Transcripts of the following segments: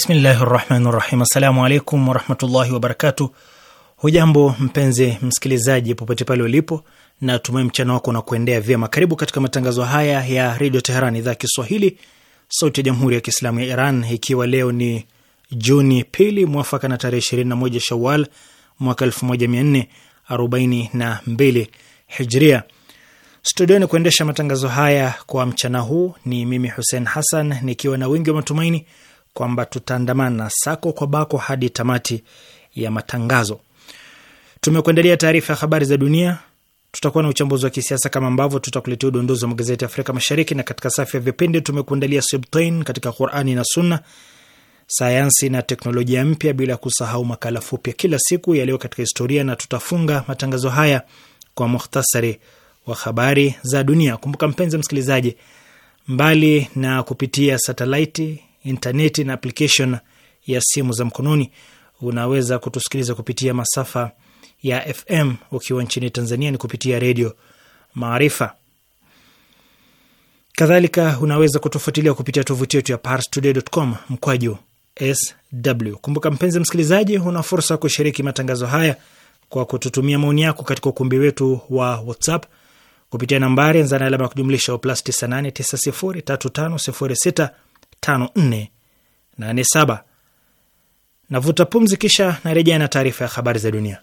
Bismillahi rahmani rahim. Assalamu alaikum warahmatullahi wabarakatu. Hujambo mpenzi msikilizaji, popote pale ulipo, na tumai mchana wako unakuendea vyema. Karibu katika matangazo haya ya redio Teheran, idhaa Kiswahili, sauti ya jamhuri ya kiislamu ya Iran, ikiwa leo ni Juni pili mwafaka na tarehe moja Shawal mwaka mbili Hijria. Studioni kuendesha matangazo haya kwa mchana huu ni mimi Hussein Hassan, nikiwa na wingi wa matumaini kwamba tutaandamana sako kwa bako hadi tamati ya matangazo. Tumekuandalia taarifa ya habari za dunia, tutakuwa na uchambuzi wa kisiasa kama ambavyo tutakuletea udondozi wa magazeti ya Afrika Mashariki, na katika safu ya vipindi tumekuandalia Sibtain katika Qurani na Sunna, sayansi na teknolojia mpya, bila kusahau makala fupi ya kila siku yaliyo katika historia, na tutafunga matangazo haya kwa muhtasari wa habari za dunia. Kumbuka mpenzi msikilizaji, mbali na kupitia satelaiti intaneti na application ya simu za mkononi. Unaweza kutusikiliza kupitia masafa ya FM. Ukiwa nchini Tanzania ni kupitia redio Maarifa. Kadhalika unaweza kutufuatilia kupitia tovuti yetu ya parstoday.com mkwaju sw. Kumbuka mpenzi msikilizaji, una fursa ya kushiriki matangazo haya kwa kututumia maoni yako katika ukumbi wetu wa WhatsApp kupitia nambari nzana alama ya kujumlisha plus 98 5487. Navuta pumzi, kisha narejea na taarifa ya habari za dunia.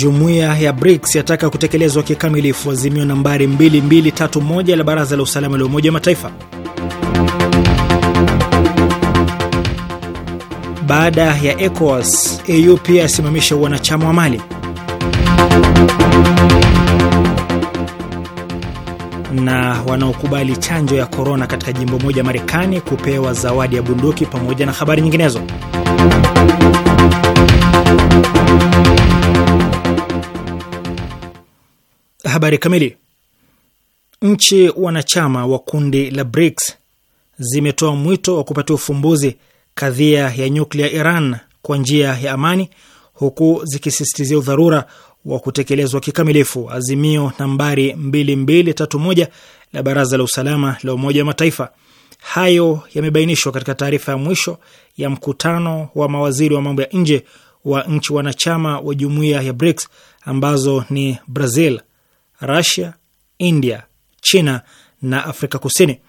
Jumuiya ya BRICS yataka kutekelezwa kikamilifu azimio nambari 2231 la Baraza la Usalama la Umoja wa Mataifa. Baada ya ECOWAS, AU pia yasimamisha wanachama wa Mali. Na wanaokubali chanjo ya korona katika jimbo moja Marekani kupewa zawadi ya bunduki, pamoja na habari nyinginezo. Habari kamili. Nchi wanachama wa kundi la BRICS zimetoa mwito wa kupatia ufumbuzi kadhia ya nyuklia Iran kwa njia ya amani, huku zikisisitizia udharura wa kutekelezwa kikamilifu azimio nambari 2231 la Baraza la Usalama la Umoja wa Mataifa. Hayo yamebainishwa katika taarifa ya mwisho ya mkutano wa mawaziri wa mambo ya nje wa nchi wanachama wa jumuiya ya BRICS ambazo ni Brazil, Russia, India, China na Afrika Kusini.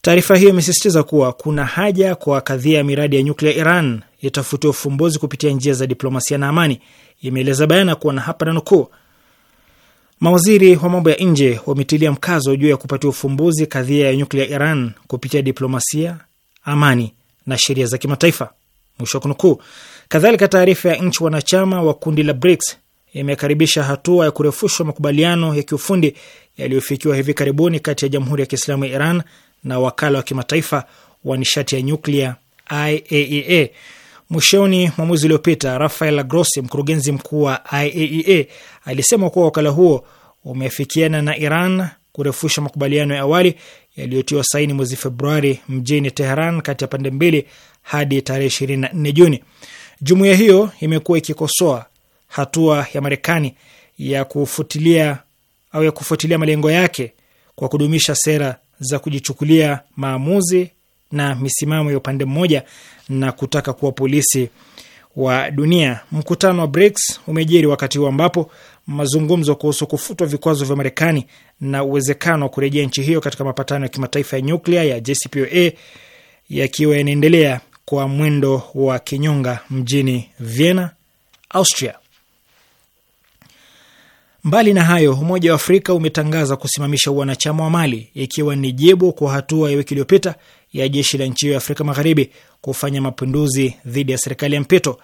Taarifa hiyo imesisitiza kuwa kuna haja kwa kadhia ya miradi ya nyuklia Iran itafutia ufumbuzi kupitia njia za diplomasia na amani. Imeeleza bayana kuwa na hapa nanukuu, mawaziri wa mambo ya nje wametilia mkazo juu ya kupatia ufumbuzi kadhia ya nyuklia Iran kupitia diplomasia, amani na sheria za kimataifa, mwisho wa kunukuu. Kadhalika, taarifa ya nchi wanachama wa kundi la BRICS imekaribisha hatua ya kurefushwa makubaliano ya kiufundi yaliyofikiwa hivi karibuni kati ya Jamhuri ya Kiislamu ya Iran na wakala wa kimataifa wa nishati ya nyuklia IAEA. E Mwishoni mwa mwezi uliopita, Rafael Grossi, mkurugenzi mkuu wa IAEA, e alisema kuwa wakala huo umeafikiana na Iran kurefusha makubaliano ya awali yaliyotiwa saini mwezi Februari mjini Teheran kati ya pande mbili hadi tarehe 24 Juni. Jumuiya hiyo imekuwa ikikosoa hatua ya Marekani ya kufutilia au ya kufuatilia malengo yake kwa kudumisha sera za kujichukulia maamuzi na misimamo ya upande mmoja na kutaka kuwa polisi wa dunia. Mkutano wa BRICS umejiri wakati huu ambapo mazungumzo kuhusu kufutwa vikwazo vya Marekani na uwezekano wa kurejea nchi hiyo katika mapatano ya kimataifa ya nyuklia ya JCPOA yakiwa yanaendelea kwa mwendo wa kinyonga mjini Vienna, Austria. Mbali na hayo, Umoja wa Afrika umetangaza kusimamisha wanachama wa Mali, ikiwa ni jibu kwa hatua ya wiki iliyopita ya jeshi la nchi hiyo ya Afrika Magharibi kufanya mapinduzi dhidi ya serikali ya mpito.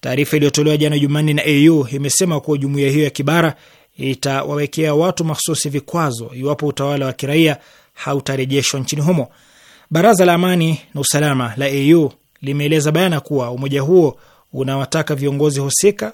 Taarifa iliyotolewa jana Jumanne na AU imesema kuwa jumuiya hiyo ya kibara itawawekea watu mahsusi vikwazo iwapo utawala wa kiraia hautarejeshwa nchini humo. Baraza la Amani na Usalama la AU limeeleza bayana kuwa umoja huo unawataka viongozi husika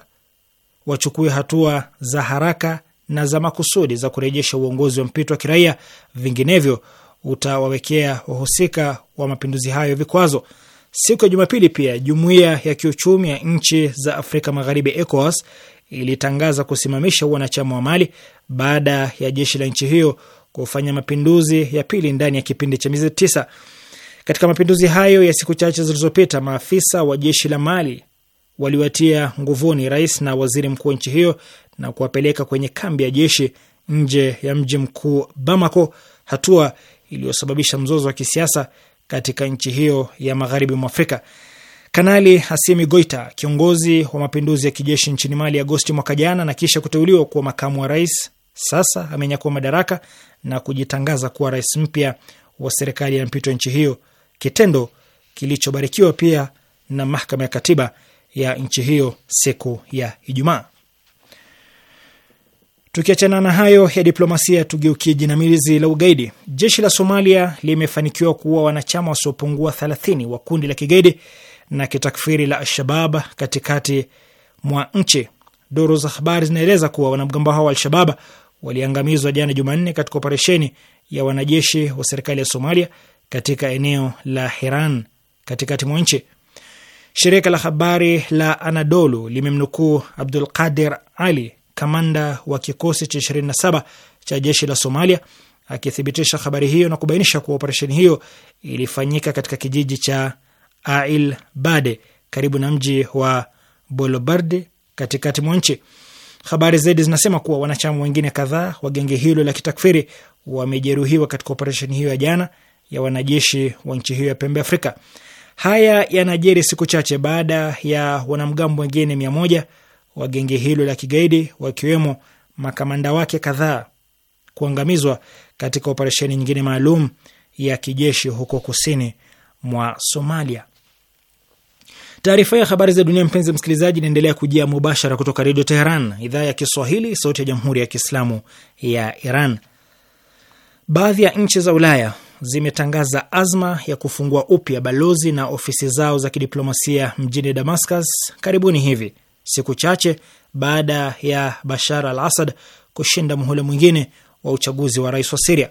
wachukue hatua za haraka na za makusudi za kurejesha uongozi wa mpito wa kiraia, vinginevyo utawawekea wahusika wa mapinduzi hayo vikwazo. Siku ya Jumapili pia jumuiya ya kiuchumi ya nchi za Afrika Magharibi, ECOWAS, ilitangaza kusimamisha wanachama wa Mali baada ya jeshi la nchi hiyo kufanya mapinduzi ya pili ndani ya kipindi cha miezi tisa. Katika mapinduzi hayo ya siku chache zilizopita, maafisa wa jeshi la Mali waliwatia nguvuni rais na waziri mkuu wa nchi hiyo na kuwapeleka kwenye kambi ya jeshi nje ya mji mkuu Bamako, hatua iliyosababisha mzozo wa kisiasa katika nchi hiyo ya magharibi mwa Afrika. Kanali Hasimi Goita, kiongozi wa mapinduzi ya kijeshi nchini Mali Agosti mwaka jana na kisha kuteuliwa kuwa makamu wa rais, sasa amenyakua madaraka na kujitangaza kuwa rais mpya wa serikali ya mpito ya nchi hiyo, kitendo kilichobarikiwa pia na mahakama ya katiba ya nchi hiyo siku ya Ijumaa. Tukiachana na hayo ya diplomasia, tugeukie jinamizi la ugaidi. Jeshi la Somalia limefanikiwa kuua wanachama wasiopungua 30 wa kundi la kigaidi na kitakfiri la Alshabab katikati mwa nchi. Duru za habari zinaeleza kuwa wanamgambo hao wa Alshabab waliangamizwa jana Jumanne katika operesheni ya wanajeshi wa serikali ya Somalia katika eneo la Hiran katikati mwa nchi. Shirika la habari la Anadolu limemnukuu Abdul Qadir Ali, kamanda wa kikosi cha 27 cha jeshi la Somalia, akithibitisha habari hiyo na kubainisha kuwa operesheni hiyo ilifanyika katika kijiji cha Ail Bade karibu na mji wa bolobardi katikati mwa nchi. Habari zaidi zinasema kuwa wanachama wengine kadhaa wa genge hilo la kitakfiri wamejeruhiwa katika operesheni hiyo ya jana ya wanajeshi wa nchi hiyo ya pembe Afrika. Haya yanajiri siku chache baada ya wanamgambo wengine mia moja wa genge hilo la kigaidi wakiwemo makamanda wake kadhaa kuangamizwa katika operesheni nyingine maalum ya kijeshi huko kusini mwa Somalia. Taarifa ya habari za dunia, mpenzi msikilizaji, inaendelea kujia mubashara kutoka Redio Teheran, idhaa ya Kiswahili, sauti ya Jamhuri ya Kiislamu ya Iran. Baadhi ya nchi za Ulaya zimetangaza azma ya kufungua upya balozi na ofisi zao za kidiplomasia mjini Damascus karibuni hivi, siku chache baada ya Bashar al Asad kushinda muhula mwingine wa uchaguzi wa rais wa Siria.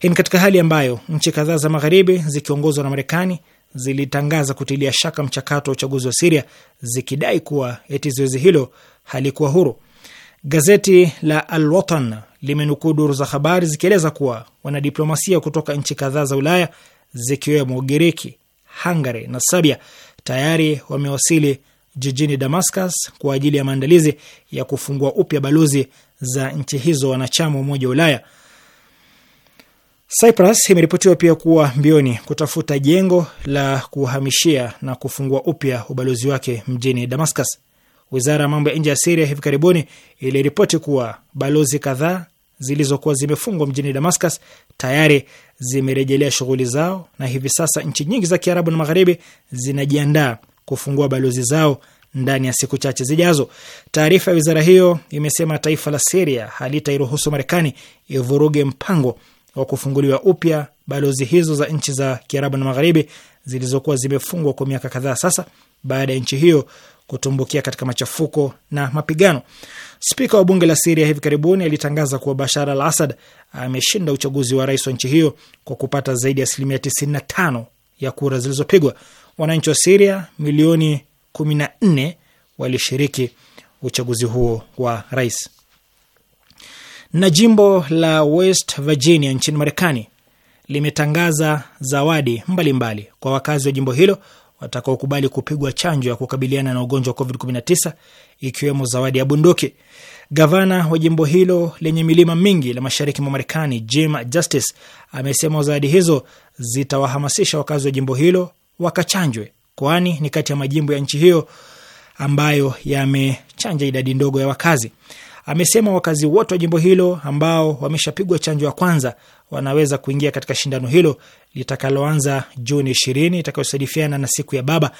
Hii ni katika hali ambayo nchi kadhaa za magharibi zikiongozwa na Marekani zilitangaza kutilia shaka mchakato wa uchaguzi wa Siria zikidai kuwa eti zoezi hilo halikuwa huru. Gazeti la Alwatan limenukuu duru za habari zikieleza kuwa wanadiplomasia kutoka nchi kadhaa za Ulaya zikiwemo Ugiriki, Hungary na Sabia tayari wamewasili jijini Damascus kwa ajili ya maandalizi ya kufungua upya balozi za nchi hizo wanachama Umoja wa Ulaya. Cyprus imeripotiwa pia kuwa mbioni kutafuta jengo la kuhamishia na kufungua upya ubalozi wake mjini Damascus. Wizara ya mambo ya nje ya Siria hivi karibuni iliripoti kuwa balozi kadhaa zilizokuwa zimefungwa mjini Damascus tayari zimerejelea shughuli zao na hivi sasa nchi nyingi za Kiarabu na Magharibi zinajiandaa kufungua balozi zao ndani ya siku chache zijazo. Taarifa ya wizara hiyo imesema taifa la Siria halitairuhusu Marekani ivuruge mpango wa kufunguliwa upya balozi hizo za nchi za Kiarabu na Magharibi zilizokuwa zimefungwa kwa miaka kadhaa sasa baada ya nchi hiyo kutumbukia katika machafuko na mapigano. Spika wa bunge la Siria hivi karibuni alitangaza kuwa Bashar al Asad ameshinda uchaguzi wa rais wa nchi hiyo kwa kupata zaidi ya asilimia 95 ya kura zilizopigwa. Wananchi wa Siria milioni 14 walishiriki uchaguzi huo wa rais. Na jimbo la West Virginia nchini Marekani limetangaza zawadi mbalimbali mbali kwa wakazi wa jimbo hilo watakaokubali kupigwa chanjo ya kukabiliana na ugonjwa wa COVID-19 ikiwemo zawadi ya bunduki. Gavana wa jimbo hilo lenye milima mingi la mashariki mwa Marekani, Jim Justice, amesema zawadi hizo zitawahamasisha wakazi wa jimbo hilo wakachanjwe, kwani ni kati ya majimbo ya nchi hiyo ambayo yamechanja idadi ndogo ya wakazi. Amesema wakazi wote wa jimbo hilo ambao wameshapigwa chanjo ya kwanza wanaweza kuingia katika shindano hilo litakaloanza Juni ishirini itakayosadifiana na siku ya baba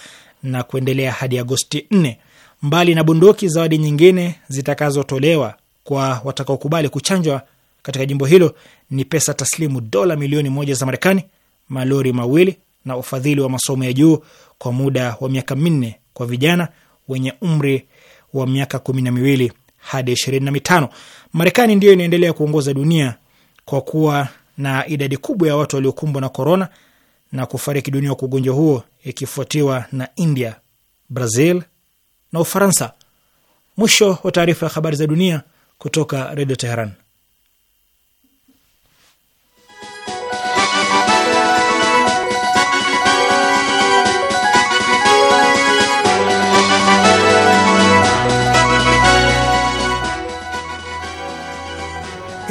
na kuendelea hadi Agosti nne. Mbali na bunduki, zawadi nyingine zitakazotolewa kwa watakaokubali kuchanjwa katika jimbo hilo ni pesa taslimu dola milioni moja za Marekani, malori mawili na ufadhili wa masomo ya juu kwa muda wa miaka minne kwa vijana wenye umri wa miaka kumi na miwili hadi 25. Marekani ndiyo inaendelea kuongoza dunia kwa kuwa na idadi kubwa ya watu waliokumbwa na korona na kufariki dunia kwa ugonjwa huo ikifuatiwa na India, Brazil na Ufaransa. Mwisho wa taarifa ya habari za dunia kutoka Redio Teheran.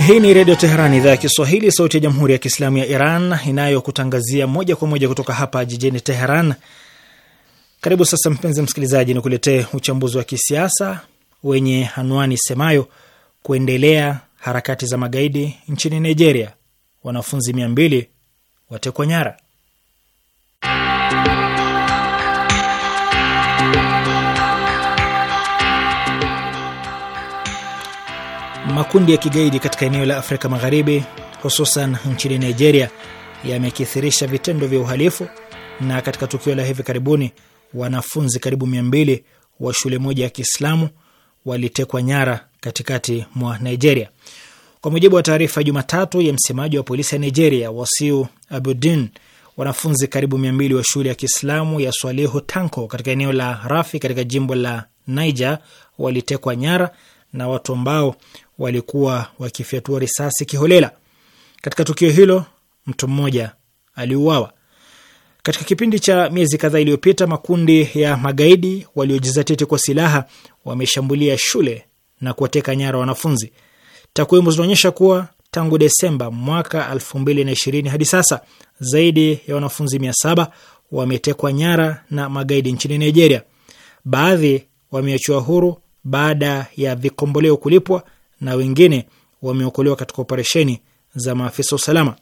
Hii ni Redio Teheran, idhaa ya Kiswahili, sauti ya Jamhuri ya Kiislamu ya Iran, inayokutangazia moja kwa moja kutoka hapa jijini Teheran. Karibu sasa, mpenzi msikilizaji, ni kuletee uchambuzi wa kisiasa wenye anwani semayo kuendelea harakati za magaidi nchini Nigeria, wanafunzi mia mbili watekwa nyara. Makundi ya kigaidi katika eneo la Afrika Magharibi, hususan nchini Nigeria, yamekithirisha vitendo vya uhalifu, na katika tukio la hivi karibuni wanafunzi karibu mia mbili wa shule moja ya Kiislamu walitekwa nyara katikati mwa Nigeria. Kwa mujibu wa taarifa Jumatatu ya msemaji wa polisi ya Nigeria, Wasiu Abudin, wanafunzi karibu mia mbili wa shule ya Kiislamu ya Swalihu Tanko katika eneo la Rafi katika jimbo la Niger walitekwa nyara na watu ambao walikuwa wakifyatua risasi kiholela. Katika tukio hilo mtu mmoja aliuawa. Katika kipindi cha miezi kadhaa iliyopita, makundi ya magaidi waliojizatiti kwa silaha wameshambulia shule na kuwateka nyara wanafunzi. Takwimu zinaonyesha kuwa tangu Desemba mwaka 2020 hadi sasa zaidi ya wanafunzi 700 wametekwa nyara na magaidi nchini Nigeria. Baadhi wameachiwa huru baada ya vikomboleo kulipwa na wengine wameokolewa katika operesheni za maafisa usalama.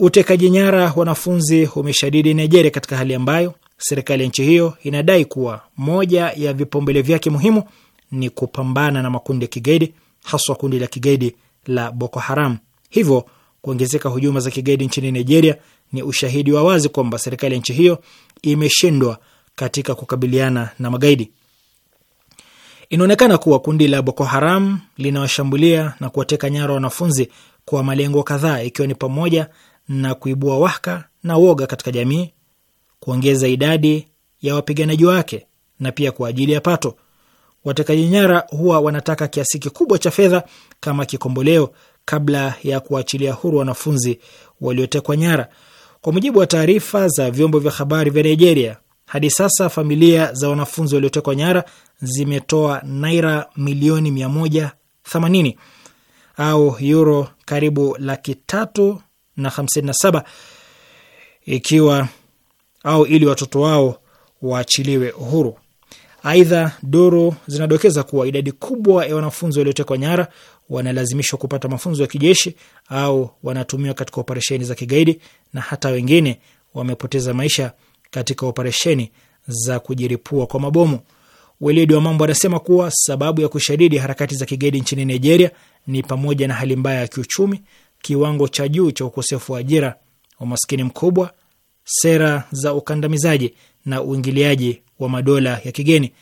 Utekaji nyara wanafunzi umeshadidi Nigeria, katika hali ambayo serikali ya nchi hiyo inadai kuwa moja ya vipaumbele vyake muhimu ni kupambana na makundi ya kigaidi, haswa kundi la kigaidi la Boko Haram. Hivyo kuongezeka hujuma za kigaidi nchini Nigeria ni ushahidi wa wazi kwamba serikali ya nchi hiyo imeshindwa katika kukabiliana na magaidi. Inaonekana kuwa kundi la Boko Haram linawashambulia na kuwateka nyara wanafunzi kwa malengo kadhaa, ikiwa ni pamoja na kuibua wahaka na woga katika jamii, kuongeza idadi ya wapiganaji wake na pia kwa ajili ya pato. Watekaji nyara huwa wanataka kiasi kikubwa cha fedha kama kikomboleo kabla ya kuachilia huru wanafunzi waliotekwa nyara. Kwa mujibu wa taarifa za vyombo vya habari vya Nigeria, hadi sasa familia za wanafunzi waliotekwa nyara zimetoa naira milioni 180 au yuro karibu laki tatu na hamsini na saba ikiwa au ili watoto wao waachiliwe uhuru. Aidha, duru zinadokeza kuwa idadi kubwa ya wanafunzi waliotekwa nyara wanalazimishwa kupata mafunzo ya kijeshi au wanatumiwa katika operesheni za kigaidi, na hata wengine wamepoteza maisha katika operesheni za kujiripua kwa mabomu. Weledi wa mambo anasema kuwa sababu ya kushadidi harakati za kigaidi nchini Nigeria ni pamoja na hali mbaya ya kiuchumi, kiwango cha juu cha ukosefu wa ajira, umaskini mkubwa, sera za ukandamizaji na uingiliaji wa madola ya kigeni.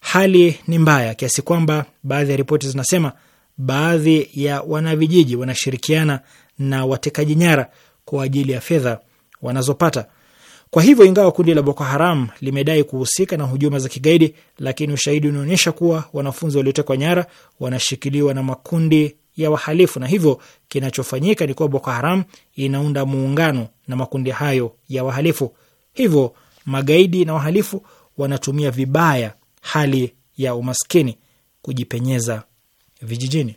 Hali ni mbaya kiasi kwamba baadhi ya ripoti zinasema baadhi ya wanavijiji wanashirikiana na watekaji nyara kwa ajili ya fedha wanazopata. Kwa hivyo, ingawa kundi la Boko Haram limedai kuhusika na hujuma za kigaidi, lakini ushahidi unaonyesha kuwa wanafunzi waliotekwa nyara wanashikiliwa na makundi ya wahalifu, na hivyo kinachofanyika ni kuwa Boko Haram inaunda muungano na makundi hayo ya wahalifu. Hivyo magaidi na wahalifu wanatumia vibaya hali ya umaskini kujipenyeza vijijini.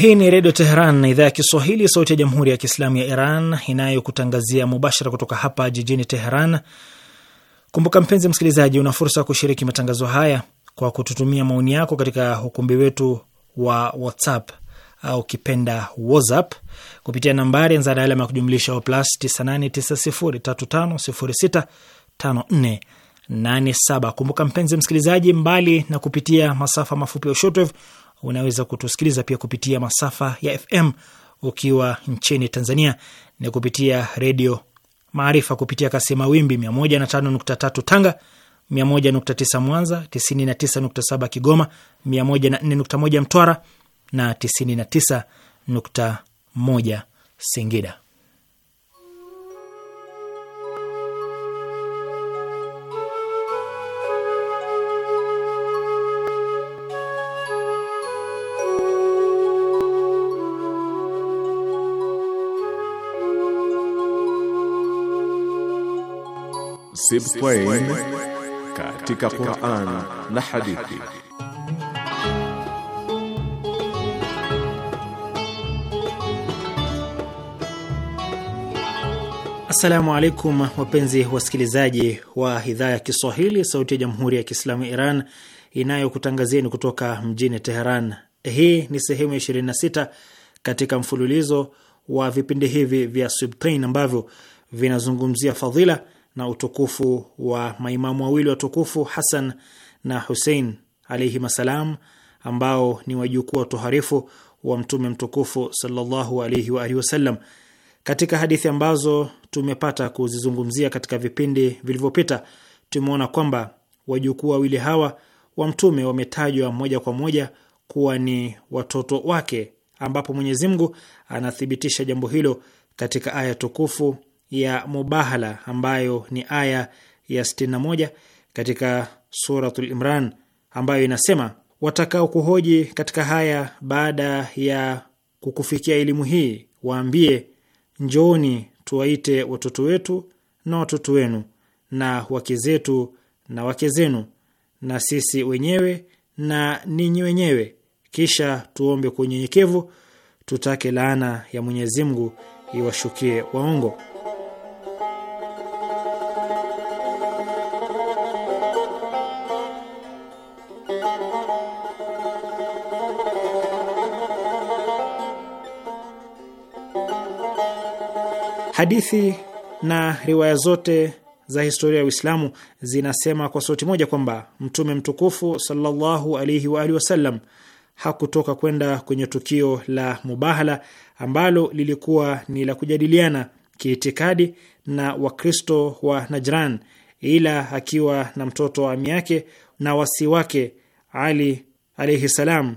Hii ni Redio Teheran na idhaa ya Kiswahili, sauti ya Jamhuri ya Kiislamu ya Iran inayokutangazia mubashara kutoka hapa jijini Teheran. Kumbuka mpenzi msikilizaji, una fursa ya kushiriki matangazo haya kwa kututumia maoni yako katika ukumbi wetu wa WhatsApp au kipenda WhatsApp kupitia nambari anza na alama ya kujumlisha plus 989035065487. Kumbuka mpenzi msikilizaji, mbali na kupitia masafa mafupi ya shortwave unaweza kutusikiliza pia kupitia masafa ya FM ukiwa nchini Tanzania ni kupitia redio Maarifa kupitia kasi mawimbi 105.3 Tanga, 101.9 Mwanza, 99.7 Kigoma, 104.1 Mtwara na 99.1 Singida. Sibtain katika Qur'an na hadithi. Assalamu alaikum wapenzi wasikilizaji wa idhaa ya Kiswahili sauti ya Jamhuri ya Kiislamu Iran inayokutangazieni kutoka mjini Teheran. Hii ni sehemu ya 26 katika mfululizo wa vipindi hivi vya Sibtain ambavyo vinazungumzia fadhila na utukufu wa maimamu wawili watukufu Hasan na Husein alaihim assalam, ambao ni wajukuu wa toharifu wa Mtume mtukufu sallallahu alaihi wa alihi wasallam. Katika hadithi ambazo tumepata kuzizungumzia katika vipindi vilivyopita, tumeona kwamba wajukuu wawili hawa wa Mtume wametajwa moja kwa moja kuwa ni watoto wake, ambapo Mwenyezi Mungu anathibitisha jambo hilo katika aya tukufu ya mubahala ambayo ni aya ya 61 katika Suratul Imran ambayo inasema, watakao kuhoji katika haya baada ya kukufikia elimu hii waambie, njooni tuwaite watoto wetu na watoto wenu na wake zetu na wake zenu na sisi wenyewe na ninyi wenyewe, kisha tuombe kwa unyenyekevu, tutake laana ya Mwenyezi Mungu iwashukie waongo. Hadithi na riwaya zote za historia ya Uislamu zinasema kwa sauti moja kwamba Mtume mtukufu sallallahu alaihi wa alihi wasallam hakutoka kwenda kwenye tukio la Mubahala ambalo lilikuwa ni la kujadiliana kiitikadi na Wakristo wa Najran ila akiwa na mtoto wa ami yake na wasi wake Ali alaihi salam,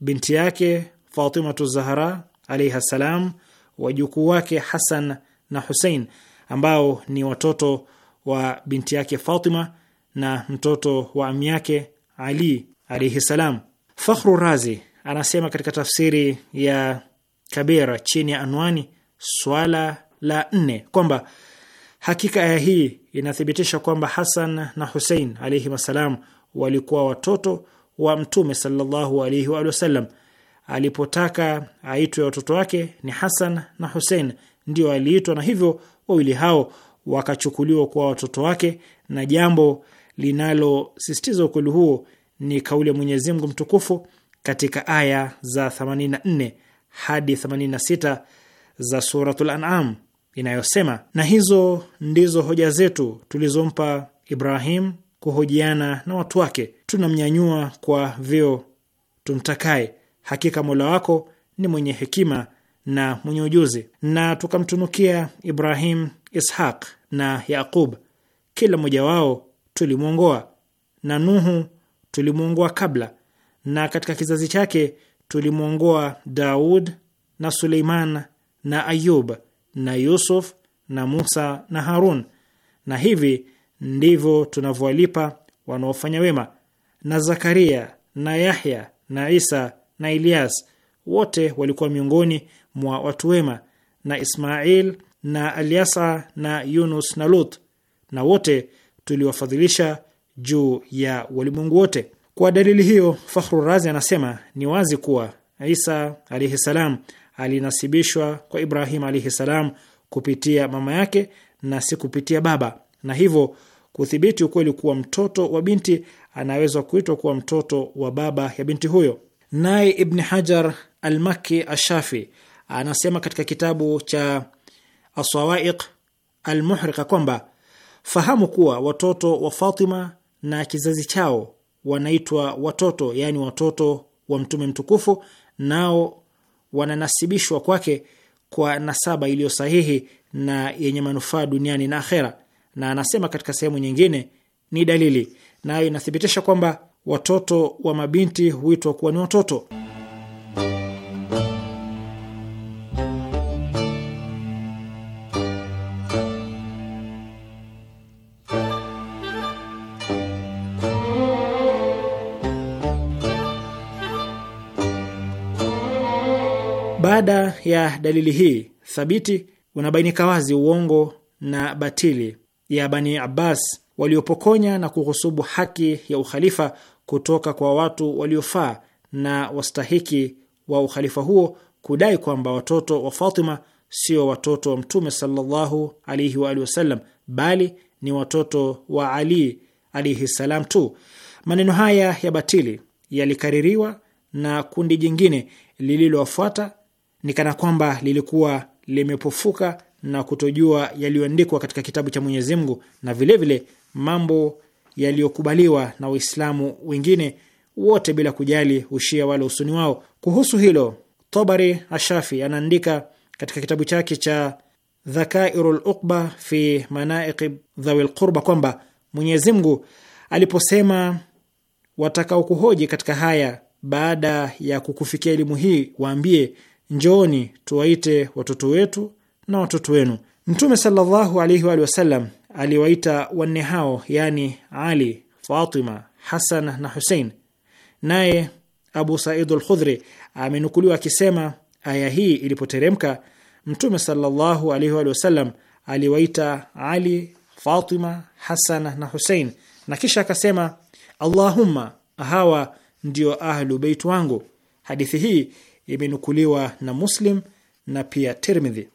binti yake Fatimatu Zahra alaihi salam, wajukuu wake Hasan na Hussein ambao ni watoto wa binti yake Fatima na mtoto wa ami yake Ali alaihi salam. Fakhru Razi anasema katika tafsiri ya Kabira chini ya anwani swala la nne kwamba hakika aya hii inathibitisha kwamba Hasan na Husein alaihim assalam walikuwa watoto wa Mtume sallallahu alaihi wa sallam. Alipotaka aitwe watoto wake ni Hasan na Husein ndio aliitwa, na hivyo wawili hao wakachukuliwa kuwa watoto wake, na jambo linalosisitiza ukweli huo ni kauli ya Mwenyezi Mungu mtukufu katika aya za 84 hadi 86 za Suratul An'am inayosema, na hizo ndizo hoja zetu tulizompa Ibrahim kuhojiana na watu wake, tunamnyanyua kwa vyo tumtakaye, hakika Mola wako ni mwenye hekima na mwenye ujuzi, na tukamtunukia Ibrahim, Ishaq na Yaqub, kila mmoja wao tulimwongoa, na Nuhu tulimwongoa kabla, na katika kizazi chake tulimwongoa Daud na Suleiman na Ayub na Yusuf na Musa na Harun. Na hivi ndivyo tunavyowalipa wanaofanya wema, na Zakaria na Yahya na Isa na Elias, wote walikuwa miongoni mwa watu wema na Ismail na Alyasa na Yunus na Lut, na wote tuliwafadhilisha juu ya walimwengu wote. Kwa dalili hiyo, Fakhru Razi anasema ni wazi kuwa Isa alaihi salam alinasibishwa kwa Ibrahim alaihi salam kupitia mama yake na si kupitia baba, na hivyo kuthibiti ukweli kuwa mtoto wa binti anaweza kuitwa kuwa mtoto wa baba ya binti huyo. Naye Ibni Hajar Almakki Ashafi anasema katika kitabu cha Asawaiq Almuhrika kwamba fahamu kuwa watoto wa Fatima na kizazi chao wanaitwa watoto, yaani watoto wa Mtume mtukufu, nao wananasibishwa kwake kwa nasaba iliyo sahihi na yenye manufaa duniani na akhera. Na anasema katika sehemu nyingine, ni dalili nayo inathibitisha kwamba watoto wa mabinti huitwa kuwa ni watoto. ya dalili hii thabiti unabainika wazi uongo na batili ya Bani Abbas waliopokonya na kuhusubu haki ya ukhalifa kutoka kwa watu waliofaa na wastahiki wa ukhalifa huo kudai kwamba watoto wa Fatima sio watoto wa Mtume sallallahu alaihi wa alihi wasallam bali ni watoto wa Ali alaihi salam tu. Maneno haya ya batili yalikaririwa na kundi jingine lililowafuata ni kana kwamba lilikuwa limepofuka na kutojua yaliyoandikwa katika kitabu cha Mwenyezi Mungu na vilevile vile mambo yaliyokubaliwa na Waislamu wengine wote bila kujali ushia wala usuni wao. Kuhusu hilo, Tabari Ashafi anaandika katika kitabu chake cha Dhakairul Uqba fi Manaiqib Dhawi lqurba kwamba Mwenyezi Mungu aliposema, watakaokuhoji katika haya baada ya kukufikia elimu hii, waambie Njooni tuwaite watoto wetu na watoto wenu. Mtume sallallahu alaihi wa sallam aliwaita wanne hao, yaani Ali, Fatima, Hasan na Husein. Naye Abu Said al amenukuliwa akisema, aya hii ilipoteremka, Mtume sallallahu alaihi wa sallam aliwaita Ali, Fatima, Hasan na Husein, na kisha akasema, Allahumma, hawa ndio ahlu beit wangu. Hadithi hii imenukuliwa na Muslim na pia Tirmidhi.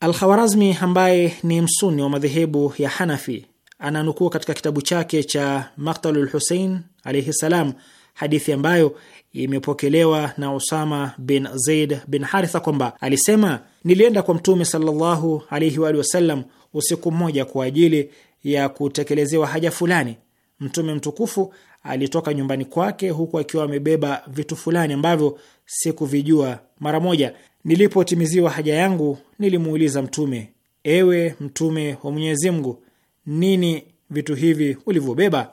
Alkhawarazmi ambaye ni msuni wa madhehebu ya Hanafi ananukuu katika kitabu chake cha Maktalul Husein alaihi ssalam, hadithi ambayo imepokelewa na Usama bin Zaid bin Haritha kwamba alisema, nilienda kwa Mtume sallallahu alaihi waalihi wasallam usiku mmoja kwa ajili ya kutekelezewa haja fulani. Mtume mtukufu alitoka nyumbani kwake huku akiwa amebeba vitu fulani ambavyo sikuvijua. Mara moja nilipotimiziwa haja yangu, nilimuuliza Mtume, ewe Mtume wa Mwenyezi Mungu, nini vitu hivi ulivyobeba?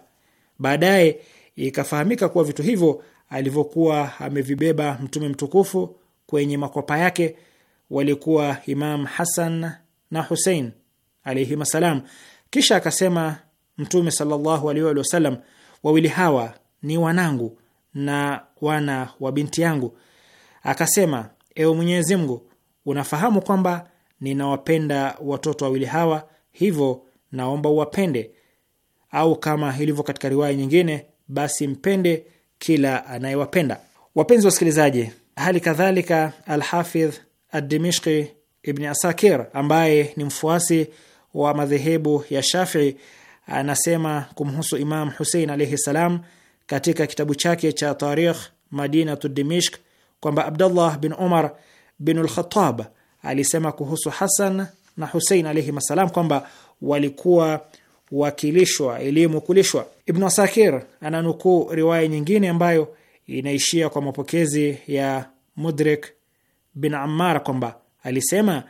Baadaye ikafahamika kuwa vitu hivyo alivyokuwa amevibeba Mtume mtukufu kwenye makwapa yake walikuwa Imam Hasan na Husein alaihim assalam. Kisha akasema Mtume sallallahu alaihi wawili hawa ni wanangu na wana wa binti yangu. Akasema, ewe Mwenyezi Mungu, unafahamu kwamba ninawapenda watoto wawili hawa, hivyo naomba uwapende, au kama ilivyo katika riwaya nyingine, basi mpende kila anayewapenda. Wapenzi wa wasikilizaji, hali kadhalika Alhafidh Adimishki Ibni Asakir ambaye ni mfuasi wa madhehebu ya Shafii anasema kumhusu Imam Husein alaihi salam katika kitabu chake cha Tarikh Madinatu Dimishk kwamba Abdullah bin Umar bin Lkhatab alisema kuhusu Hasan na Husein alaihim assalam kwamba walikuwa wakilishwa elimu kulishwa. Ibnu Asakir ananukuu riwaya nyingine ambayo inaishia kwa mapokezi ya Mudrik bin Ammar kwamba alisema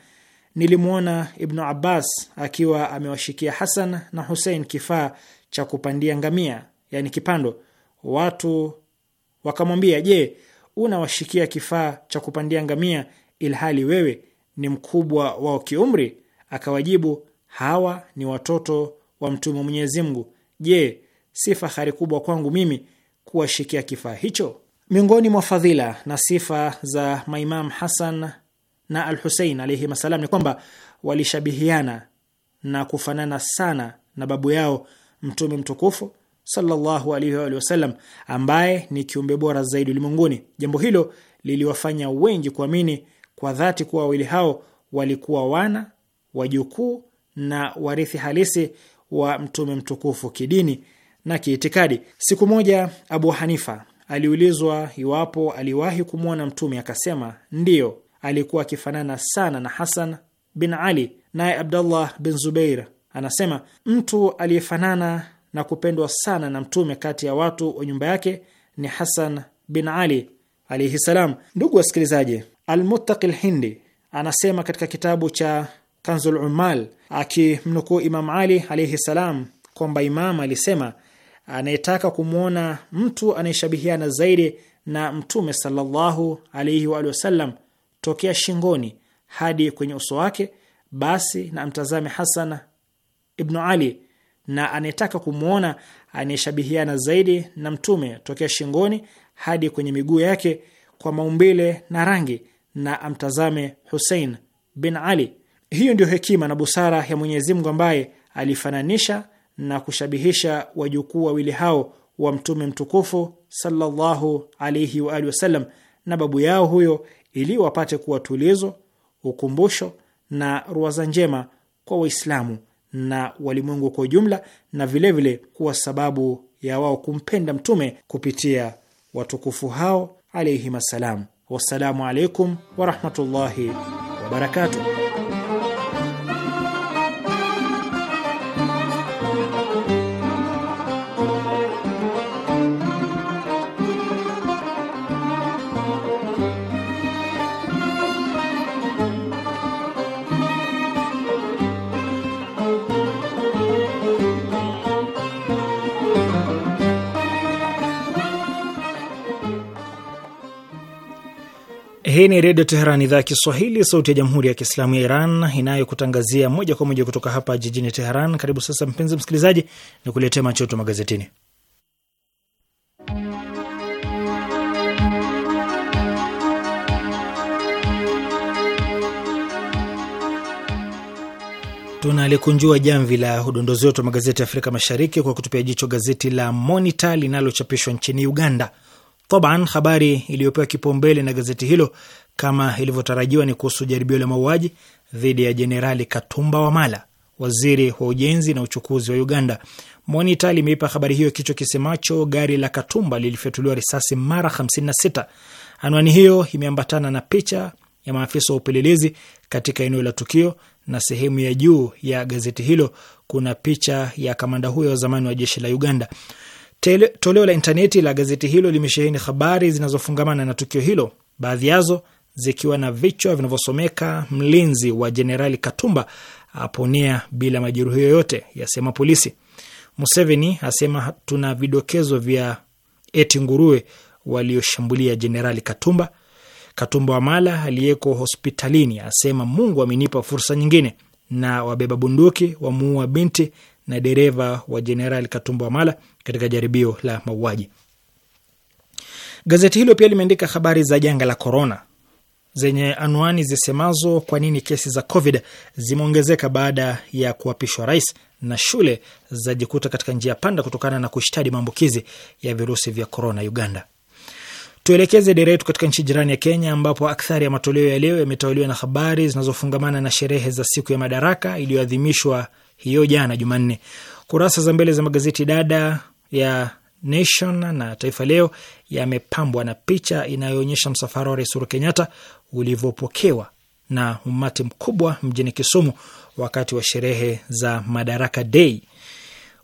nilimwona Ibnu Abbas akiwa amewashikia Hasan na Husein kifaa cha kupandia ngamia, yani kipando. Watu wakamwambia, je, unawashikia kifaa cha kupandia ngamia ilhali wewe ni mkubwa wao kiumri? Akawajibu, hawa ni watoto wa Mtume wa Mwenyezi Mungu. Je, si fahari kubwa kwangu mimi kuwashikia kifaa hicho? Miongoni mwa fadhila na sifa za maimam Hasan na al Husein alaihim assalam ni kwamba walishabihiana na kufanana sana na babu yao Mtume mtukufu sallallahu alaihi wa sallam, ambaye ni kiumbe bora zaidi ulimwenguni. Jambo hilo liliwafanya wengi kuamini kwa dhati kuwa wawili hao walikuwa wana wajukuu na warithi halisi wa Mtume mtukufu kidini na kiitikadi. Siku moja Abu Hanifa aliulizwa iwapo aliwahi kumwona Mtume, akasema ndiyo alikuwa akifanana sana na Hasan bin Ali. Naye Abdullah bin Zubeir anasema mtu aliyefanana na kupendwa sana na Mtume kati ya watu wa nyumba yake ni Hasan bin Ali alaihi salam. Ndugu wasikilizaji, Almuttaqi Lhindi anasema katika kitabu cha Kanzul Ummal akimnukuu Imam Ali alaihi salam kwamba Imam alisema anayetaka kumwona mtu anayeshabihiana zaidi na Mtume sallallahu alaihi waalihi wasallam tokea shingoni hadi kwenye uso wake, basi na amtazame Hasan ibnu Ali na anayetaka kumwona anayeshabihiana zaidi na Mtume tokea shingoni hadi kwenye miguu yake kwa maumbile na rangi, na amtazame Husein bin Ali. Hiyo ndiyo hekima na busara ya Mwenyezi Mungu ambaye alifananisha na kushabihisha wajukuu wawili hao wa Mtume mtukufu sallallahu alaihi wa alihi wasallam, na babu yao huyo ili wapate kuwa tulizo, ukumbusho na ruwaza njema kwa Waislamu na walimwengu kwa ujumla, na vilevile vile kuwa sababu ya wao kumpenda Mtume kupitia watukufu hao alaihim assalam. Wassalamu alaikum warahmatullahi wabarakatuh. Hii ni Redio Teheran, idhaa ya Kiswahili, sauti ya Jamhuri ya Kiislamu ya Iran, inayokutangazia moja kwa moja kutoka hapa jijini Teheran. Karibu sasa, mpenzi msikilizaji, ni kuletea machoto magazetini. Tunalikunjua jamvi la udondozi wetu wa magazeti ya Afrika Mashariki kwa kutupia jicho gazeti la Monita linalochapishwa nchini Uganda. Taban, habari iliyopewa kipaumbele na gazeti hilo kama ilivyotarajiwa ni kuhusu jaribio la mauaji dhidi ya Jenerali Katumba Wamala, waziri wa ujenzi na uchukuzi wa Uganda. Monita limeipa habari hiyo kichwa kisemacho gari la Katumba lilifyatuliwa risasi mara 56. Anwani hiyo imeambatana na picha ya maafisa wa upelelezi katika eneo la tukio, na sehemu ya juu ya gazeti hilo kuna picha ya kamanda huyo wa zamani wa jeshi la Uganda toleo la intaneti la gazeti hilo limesheheni habari zinazofungamana na tukio hilo, baadhi yazo zikiwa na vichwa vinavyosomeka mlinzi wa jenerali Katumba aponea bila majeruhi yoyote, yasema polisi. Museveni asema tuna vidokezo vya eti nguruwe walioshambulia jenerali Katumba. Katumba wa mala aliyeko hospitalini asema Mungu amenipa fursa nyingine, na wabeba bunduki wamuua binti na dereva wa Jenerali Katumbo Wamala katika jaribio la mauaji. Gazeti hilo pia limeandika habari za janga la korona zenye anwani zisemazo kwa nini kesi za covid zimeongezeka baada ya kuapishwa rais, na shule zajikuta katika njia panda kutokana na kushtadi maambukizi ya virusi vya korona Uganda. Tuelekeze dira yetu katika nchi jirani ya Kenya, ambapo akthari ya matoleo ya leo yametawaliwa na habari zinazofungamana na sherehe za siku ya madaraka iliyoadhimishwa hiyo jana Jumanne. Kurasa za mbele za magazeti dada ya Nation na Taifa Leo yamepambwa na picha inayoonyesha msafara wa Rais Uhuru Kenyatta ulivyopokewa na umati mkubwa mjini Kisumu wakati wa sherehe za Madaraka Day.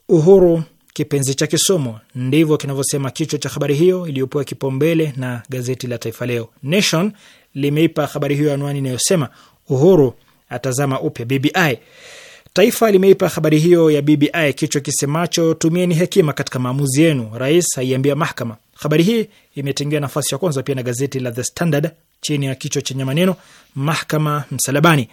Uhuru kipenzi cha Kisumu, ndivyo kinavyosema kichwa cha habari hiyo iliyopewa kipaumbele na gazeti la Taifa Leo. Nation limeipa habari hiyo anwani inayosema Uhuru atazama upya BBI. Taifa limeipa habari hiyo ya BBI kichwa kisemacho tumieni hekima katika maamuzi yenu, rais aiambia mahakama. Habari hii imetengewa nafasi ya kwanza pia na gazeti la The Standard chini ya kichwa chenye maneno mahakama msalabani.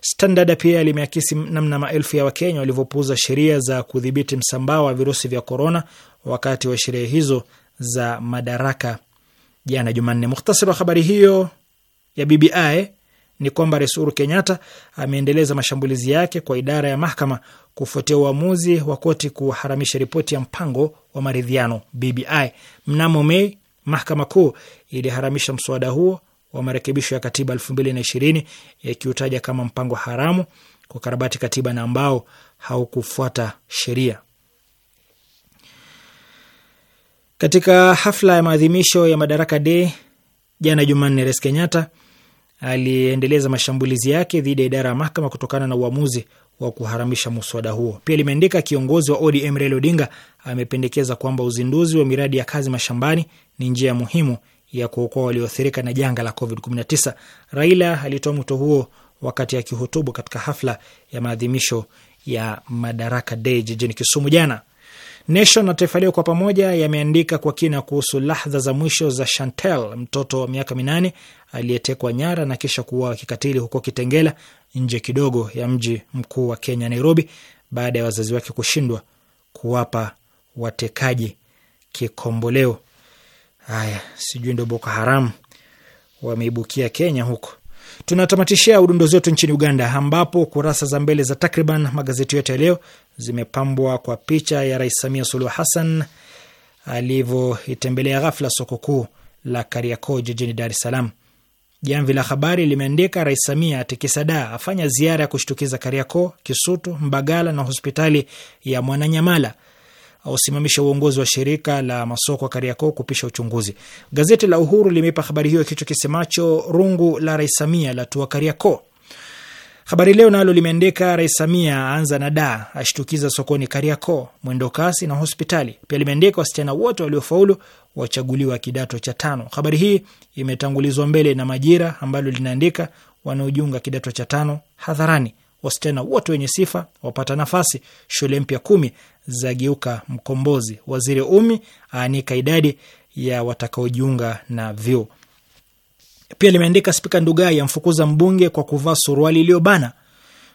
Standard pia limeakisi namna maelfu ya Wakenya walivyopuuza sheria za kudhibiti msambao wa virusi vya korona wakati wa sherehe hizo za madaraka jana Jumanne. Muhtasari wa habari hiyo ya BBI ni kwamba Rais Uhuru Kenyatta ameendeleza mashambulizi yake kwa idara ya mahakama kufuatia uamuzi wa koti kuharamisha ripoti ya mpango wa maridhiano BBI. Mnamo Mei, mahakama kuu iliharamisha mswada huo wa marekebisho ya katiba elfu mbili na ishirini kama mpango haramu kukarabati katiba na ambao haukufuata sheria. Katika hafla ya maadhimisho ya Madaraka Day jana Jumanne, Rais Kenyatta aliendeleza mashambulizi yake dhidi ya idara ya mahakama kutokana na uamuzi wa kuharamisha muswada huo. Pia limeandika kiongozi wa ODM Raila Odinga amependekeza kwamba uzinduzi wa miradi ya kazi mashambani ni njia muhimu ya kuokoa walioathirika na janga la COVID-19. Raila alitoa mwito huo wakati akihutubu katika hafla ya maadhimisho ya Madaraka Day jijini Kisumu jana. Nation na Taifa Leo kwa pamoja yameandika kwa kina kuhusu lahdha za mwisho za Chantel, mtoto wa miaka minane aliyetekwa nyara na kisha kuuawa kikatili huko Kitengela, nje kidogo ya mji mkuu wa Kenya, Nairobi, baada ya wazazi wake kushindwa kuwapa watekaji kikomboleo. Haya, sijui ndo Boko Haram wameibukia Kenya huko. Tunatamatishia udondozi wetu nchini Uganda, ambapo kurasa za mbele za takriban magazeti yote ya leo zimepambwa kwa picha ya Rais Samia Suluhu Hassan alivyoitembelea ghafla soko kuu la Kariakoo jijini Dar es Salaam. Jamvi la Habari limeandika Rais Samia tikisada afanya ziara ya kushtukiza Kariakoo, Kisutu, Mbagala na hospitali ya Mwananyamala ausimamisha uongozi wa shirika la masoko Kariakoo kupisha uchunguzi. Gazeti la Uhuru limeipa habari hiyo kichwa kisemacho rungu la Rais Samia la tua Kariakoo. Habari Leo nalo limeandika Rais Samia aanza na daa ashtukiza sokoni Kariakoo, mwendo kasi na hospitali. Pia limeandika wasichana wote waliofaulu wachaguliwa kidato cha tano. Habari hii imetangulizwa mbele na Majira ambalo linaandika wanaojiunga kidato cha tano hadharani, wasichana wote wenye sifa wapata nafasi, shule mpya kumi zageuka mkombozi. Waziri Umi aanika idadi ya watakaojiunga na vyuo. Pia limeandika Spika Ndugai amfukuza mbunge kwa kuvaa suruali iliyobana.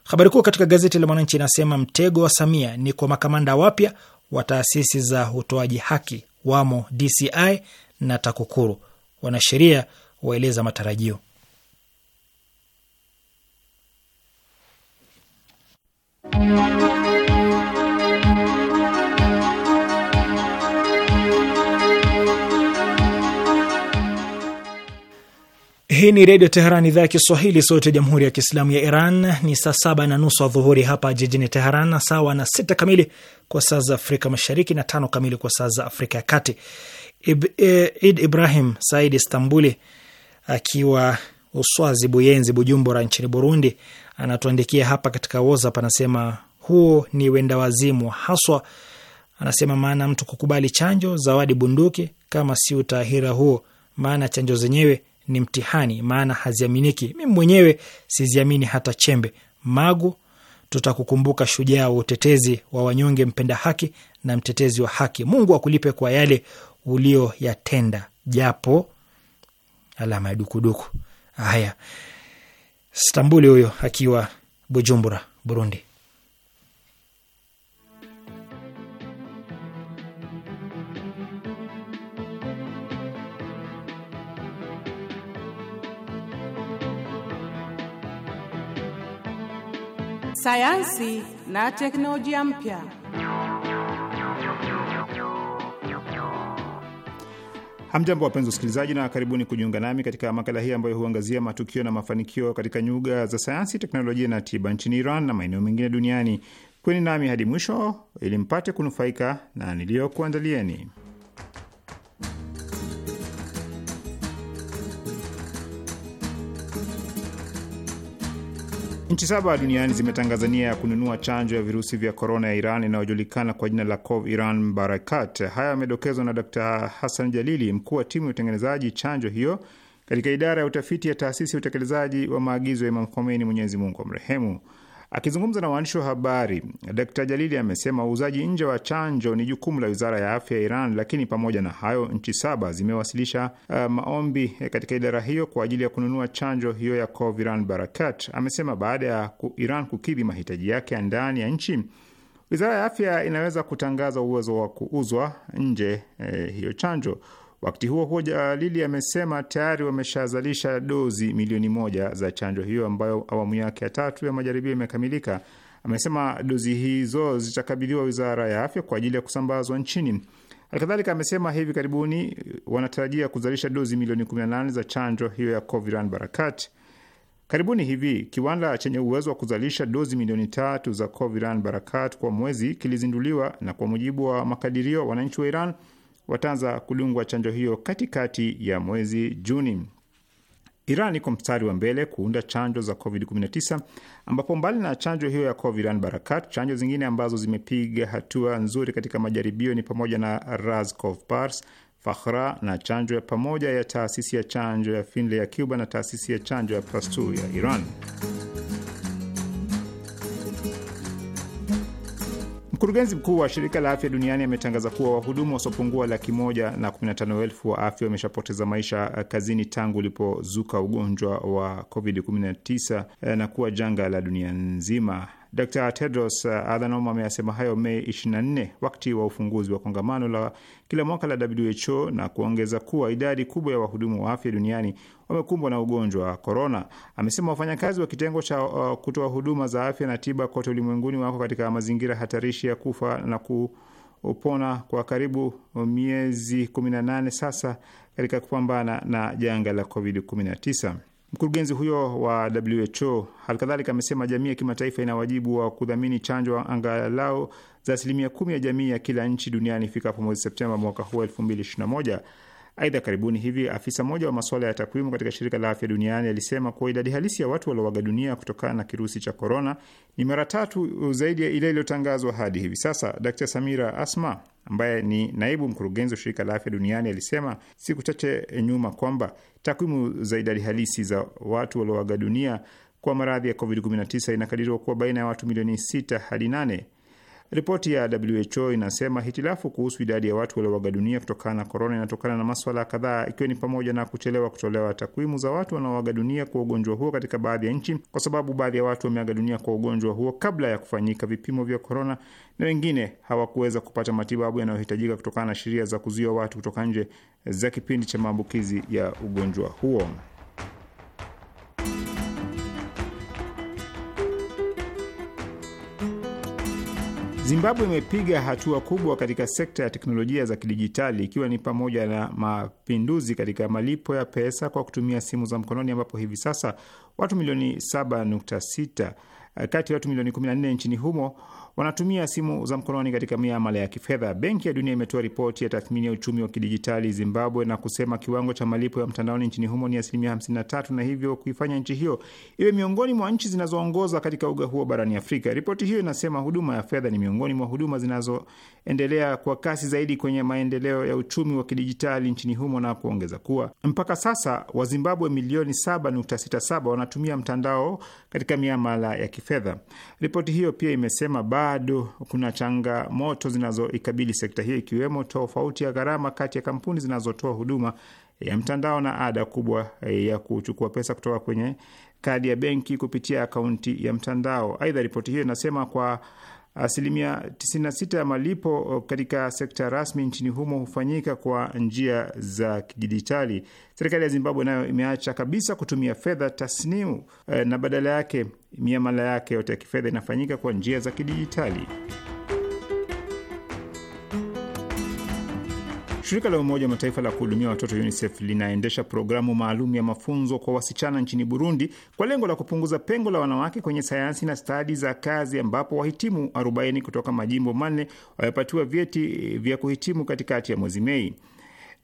Habari kuu katika gazeti la Mwananchi inasema mtego wa Samia ni kwa makamanda wapya wa taasisi za utoaji haki, wamo DCI na TAKUKURU. Wanasheria waeleza matarajio. Hii ni Redio Teheran, idhaa ya Kiswahili, sauti ya Jamhuri ya Kiislamu ya Iran. Ni saa saba na nusu adhuhuri hapa jijini Teheran, na sawa na sita kamili kwa saa za Afrika Mashariki na tano kamili kwa saa za Afrika ya Kati. Ib, e, Id Ibrahim Said Istambuli akiwa Uswazi, Buyenzi, Bujumbura nchini Burundi anatuandikia hapa katika WhatsApp, anasema huo ni wenda wazimu haswa. Anasema maana mtu kukubali chanjo, zawadi bunduki, kama si utahira huo, maana chanjo zenyewe ni mtihani, maana haziaminiki. Mimi mwenyewe siziamini hata chembe. Magu, tutakukumbuka shujaa wa utetezi wa wanyonge, mpenda haki na mtetezi wa haki. Mungu akulipe kwa yale ulioyatenda, japo alama ya dukuduku. Haya, Stambuli huyo akiwa Bujumbura, Burundi. sayansi na teknolojia mpya. Hamjambo, wapenzi wasikilizaji, na karibuni kujiunga nami katika makala hii ambayo huangazia matukio na mafanikio katika nyuga za sayansi, teknolojia na tiba nchini Iran na maeneo mengine duniani. Kweni nami hadi mwisho ili mpate kunufaika na niliyokuandalieni. Nchi saba duniani zimetangaza nia ya kununua chanjo ya virusi vya korona ya Iran inayojulikana kwa jina la Cov Iran Barakat. Haya yamedokezwa na Dr Hassan Jalili, mkuu wa timu ya utengenezaji chanjo hiyo katika idara ya utafiti ya taasisi ya utekelezaji wa maagizo ya Imam Khomeini, Mwenyezi Mungu wa mrehemu. Akizungumza na waandishi wa habari, Dkt Jalili amesema uuzaji nje wa chanjo ni jukumu la wizara ya afya ya Iran, lakini pamoja na hayo, nchi saba zimewasilisha uh, maombi eh, katika idara hiyo kwa ajili ya kununua chanjo hiyo ya Coviran Barakat. Amesema baada ya Iran kukidhi mahitaji yake ya ndani ya nchi, wizara ya afya inaweza kutangaza uwezo wa kuuzwa nje eh, hiyo chanjo. Wakati huo huo, Jalili amesema tayari wameshazalisha dozi milioni moja za chanjo hiyo ambayo awamu yake ya tatu ya majaribio imekamilika. Amesema dozi hizo zitakabidhiwa wizara ya afya kwa ajili ya kusambazwa nchini. Halikadhalika amesema hivi karibuni wanatarajia kuzalisha dozi milioni 18 za chanjo hiyo ya Coviran Barakat. Karibuni hivi kiwanda chenye uwezo wa kuzalisha dozi milioni tatu za Coviran Barakat kwa mwezi kilizinduliwa, na kwa mujibu wa makadirio, wananchi wa Iran wataanza kudungwa chanjo hiyo katikati ya mwezi Juni. Iran iko mstari wa mbele kuunda chanjo za COVID-19 ambapo mbali na chanjo hiyo ya Coviran Barakat, chanjo zingine ambazo zimepiga hatua nzuri katika majaribio ni pamoja na Raskov Pars, Fakhra na chanjo ya pamoja ya taasisi ya chanjo ya Finlay ya Cuba na taasisi ya chanjo ya Pasteur ya Iran. Mkurugenzi mkuu wa shirika la afya duniani ametangaza kuwa wahudumu wasiopungua laki moja na kumi na tano elfu wa afya wameshapoteza maisha eh, kazini tangu ulipozuka ugonjwa wa COVID-19 eh, na kuwa janga la dunia nzima. Dr Tedros uh, Adhanom ameyasema hayo Mei 24 wakati wa ufunguzi wa kongamano la kila mwaka la WHO na kuongeza kuwa idadi kubwa ya wahudumu wa afya duniani wamekumbwa na ugonjwa wa korona. Amesema wafanyakazi wa kitengo cha uh, kutoa huduma za afya na tiba kote ulimwenguni wako katika mazingira hatarishi ya kufa na kupona kwa karibu miezi 18 sasa katika kupambana na janga la COVID-19. Mkurugenzi huyo wa WHO halikadhalika amesema jamii ya kimataifa ina wajibu wa kudhamini chanjo angalau za asilimia kumi ya jamii ya kila nchi duniani ifikapo mwezi Septemba mwaka huu elfu mbili ishirini na moja. Aidha, karibuni hivi afisa mmoja wa masuala ya takwimu katika shirika la afya duniani alisema kuwa idadi halisi ya watu walioaga dunia kutokana na kirusi cha korona ni mara tatu zaidi ya ile iliyotangazwa hadi hivi sasa. d Samira Asma ambaye ni naibu mkurugenzi wa shirika la afya duniani alisema siku chache nyuma kwamba takwimu za idadi halisi za watu walioaga dunia kwa maradhi ya COVID-19 inakadiriwa kuwa baina ya watu milioni 6 hadi 8. Ripoti ya WHO inasema hitilafu kuhusu idadi ya watu walioaga dunia kutokana na korona inatokana na maswala kadhaa, ikiwa ni pamoja na kuchelewa kutolewa takwimu za watu wanaoaga dunia kwa ugonjwa huo katika baadhi ya nchi, kwa sababu baadhi ya watu wameaga dunia kwa ugonjwa huo kabla ya kufanyika vipimo vya korona, na wengine hawakuweza kupata matibabu yanayohitajika kutokana na sheria za kuzuia watu kutoka nje za kipindi cha maambukizi ya ugonjwa huo. Zimbabwe imepiga hatua kubwa katika sekta ya teknolojia za kidijitali ikiwa ni pamoja na mapinduzi katika malipo ya pesa kwa kutumia simu za mkononi ambapo hivi sasa watu milioni 7.6 kati ya watu milioni 14 nchini humo wanatumia simu za mkononi katika miamala ya kifedha. Benki ya Dunia imetoa ripoti ya tathmini ya uchumi wa kidijitali Zimbabwe na kusema kiwango cha malipo ya mtandaoni nchini humo ni asilimia 53 na hivyo kuifanya nchi hiyo iwe miongoni mwa nchi zinazoongoza katika uga huo barani Afrika. Ripoti hiyo inasema huduma ya fedha ni miongoni mwa huduma zinazoendelea kwa kasi zaidi kwenye maendeleo ya uchumi wa kidijitali nchini humo na kuongeza kuwa mpaka sasa Wazimbabwe milioni 7.67 wanatumia mtandao katika miamala ya kifedha. Ripoti hiyo pia imesema bado kuna changamoto zinazoikabili sekta hiyo, ikiwemo tofauti ya gharama kati ya kampuni zinazotoa huduma ya mtandao na ada kubwa ya kuchukua pesa kutoka kwenye kadi ya benki kupitia akaunti ya mtandao. Aidha, ripoti hiyo inasema kwa asilimia 96 ya malipo uh, katika sekta rasmi nchini humo hufanyika kwa njia za kidijitali. Serikali ya Zimbabwe nayo imeacha kabisa kutumia fedha tasnimu uh, na badala yake miamala yake yote ya kifedha inafanyika kwa njia za kidijitali. Shirika la Umoja wa Mataifa la kuhudumia watoto UNICEF linaendesha programu maalum ya mafunzo kwa wasichana nchini Burundi kwa lengo la kupunguza pengo la wanawake kwenye sayansi na stadi za kazi, ambapo wahitimu 40 kutoka majimbo manne wamepatiwa vyeti vya kuhitimu katikati ya mwezi Mei.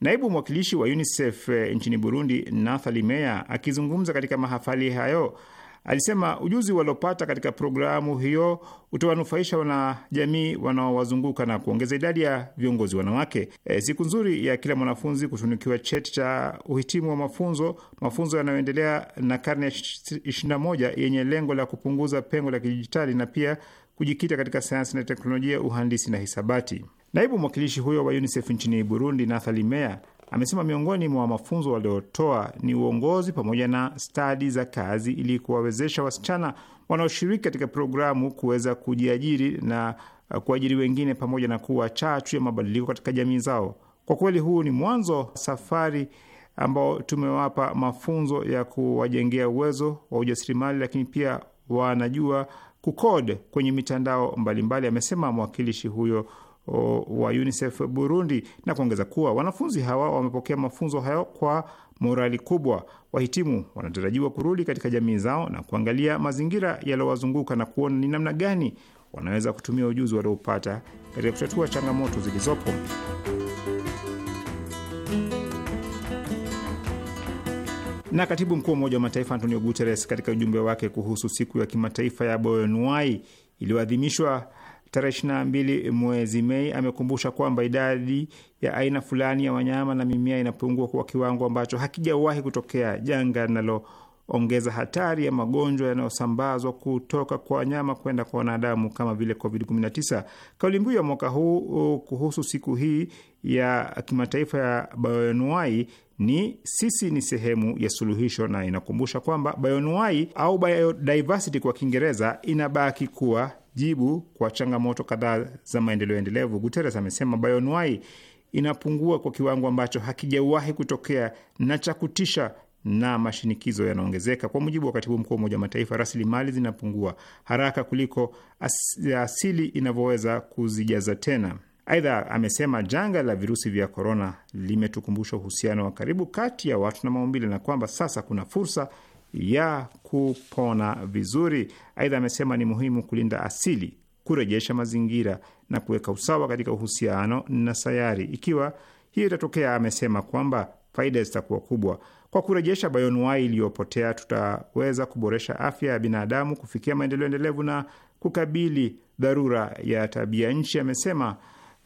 Naibu mwakilishi wa UNICEF eh, nchini Burundi, Nathali Meya, akizungumza katika mahafali hayo Alisema ujuzi waliopata katika programu hiyo utawanufaisha wanajamii wanaowazunguka na kuongeza idadi ya viongozi wanawake. E, siku nzuri ya kila mwanafunzi kutunukiwa cheti cha uhitimu wa mafunzo, mafunzo yanayoendelea na karne ya 21 yenye lengo la kupunguza pengo la kidijitali na pia kujikita katika sayansi na teknolojia, uhandisi na hisabati. Naibu mwakilishi huyo wa UNICEF nchini Burundi, Nathali Meya, Amesema miongoni mwa mafunzo waliotoa ni uongozi pamoja na stadi za kazi ili kuwawezesha wasichana wanaoshiriki katika programu kuweza kujiajiri na uh, kuajiri wengine pamoja na kuwa chachu ya mabadiliko katika jamii zao. Kwa kweli huu ni mwanzo safari ambao tumewapa mafunzo ya kuwajengea uwezo wa ujasiriamali, lakini pia wanajua kukod kwenye mitandao mbalimbali mbali, amesema mwakilishi huyo wa UNICEF Burundi na kuongeza kuwa wanafunzi hawa wamepokea mafunzo hayo kwa morali kubwa. Wahitimu wanatarajiwa kurudi katika jamii zao na kuangalia mazingira yaliyowazunguka na kuona ni namna gani wanaweza kutumia ujuzi waliopata katika kutatua changamoto zilizopo. Na katibu mkuu wa Umoja wa Mataifa Antonio Guterres katika ujumbe wake kuhusu siku ya kimataifa ya Bioanuwai iliyoadhimishwa tarehe 22 mwezi Mei amekumbusha kwamba idadi ya aina fulani ya wanyama na mimea inapungua kwa kiwango ambacho hakijawahi kutokea, janga linaloongeza hatari ya magonjwa yanayosambazwa kutoka kwa wanyama kwenda kwa wanadamu kama vile COVID-19. Kauli mbiu ya mwaka huu uh, kuhusu siku hii ya kimataifa ya bayoanuai ni sisi ni sehemu ya suluhisho, na inakumbusha kwamba bayoanuai au biodiversity kwa Kiingereza inabaki kuwa jibu kwa changamoto kadhaa za maendeleo endelevu. Guterres amesema bayonwai inapungua kwa kiwango ambacho hakijawahi kutokea na cha kutisha na mashinikizo yanaongezeka. Kwa mujibu wa katibu mkuu wa Umoja wa Mataifa, rasilimali zinapungua haraka kuliko asili inavyoweza kuzijaza tena. Aidha amesema janga la virusi vya korona limetukumbusha uhusiano wa karibu kati ya watu na maumbile na kwamba sasa kuna fursa ya kupona vizuri. Aidha, amesema ni muhimu kulinda asili, kurejesha mazingira na kuweka usawa katika uhusiano na sayari. Ikiwa hiyo itatokea, amesema kwamba faida zitakuwa kubwa. Kwa kurejesha bioanuwai iliyopotea, tutaweza kuboresha afya ya binadamu, kufikia maendeleo endelevu na kukabili dharura ya tabia nchi, amesema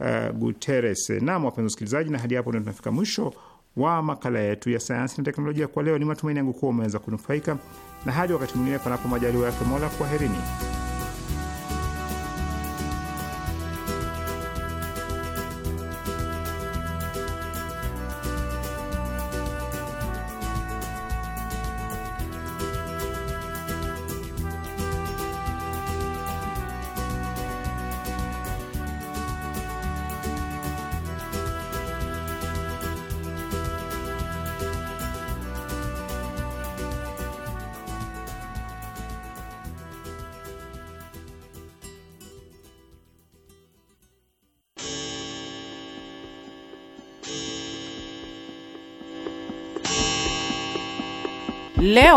uh, Guterres. Naam, wapenzi wasikilizaji, na hadi hapo ndio tunafika mwisho wa makala yetu ya sayansi na teknolojia kwa leo. Ni matumaini yangu kuwa umeweza kunufaika, na hadi wakati mwingine, panapo majaliwa yake Mola, kwaherini.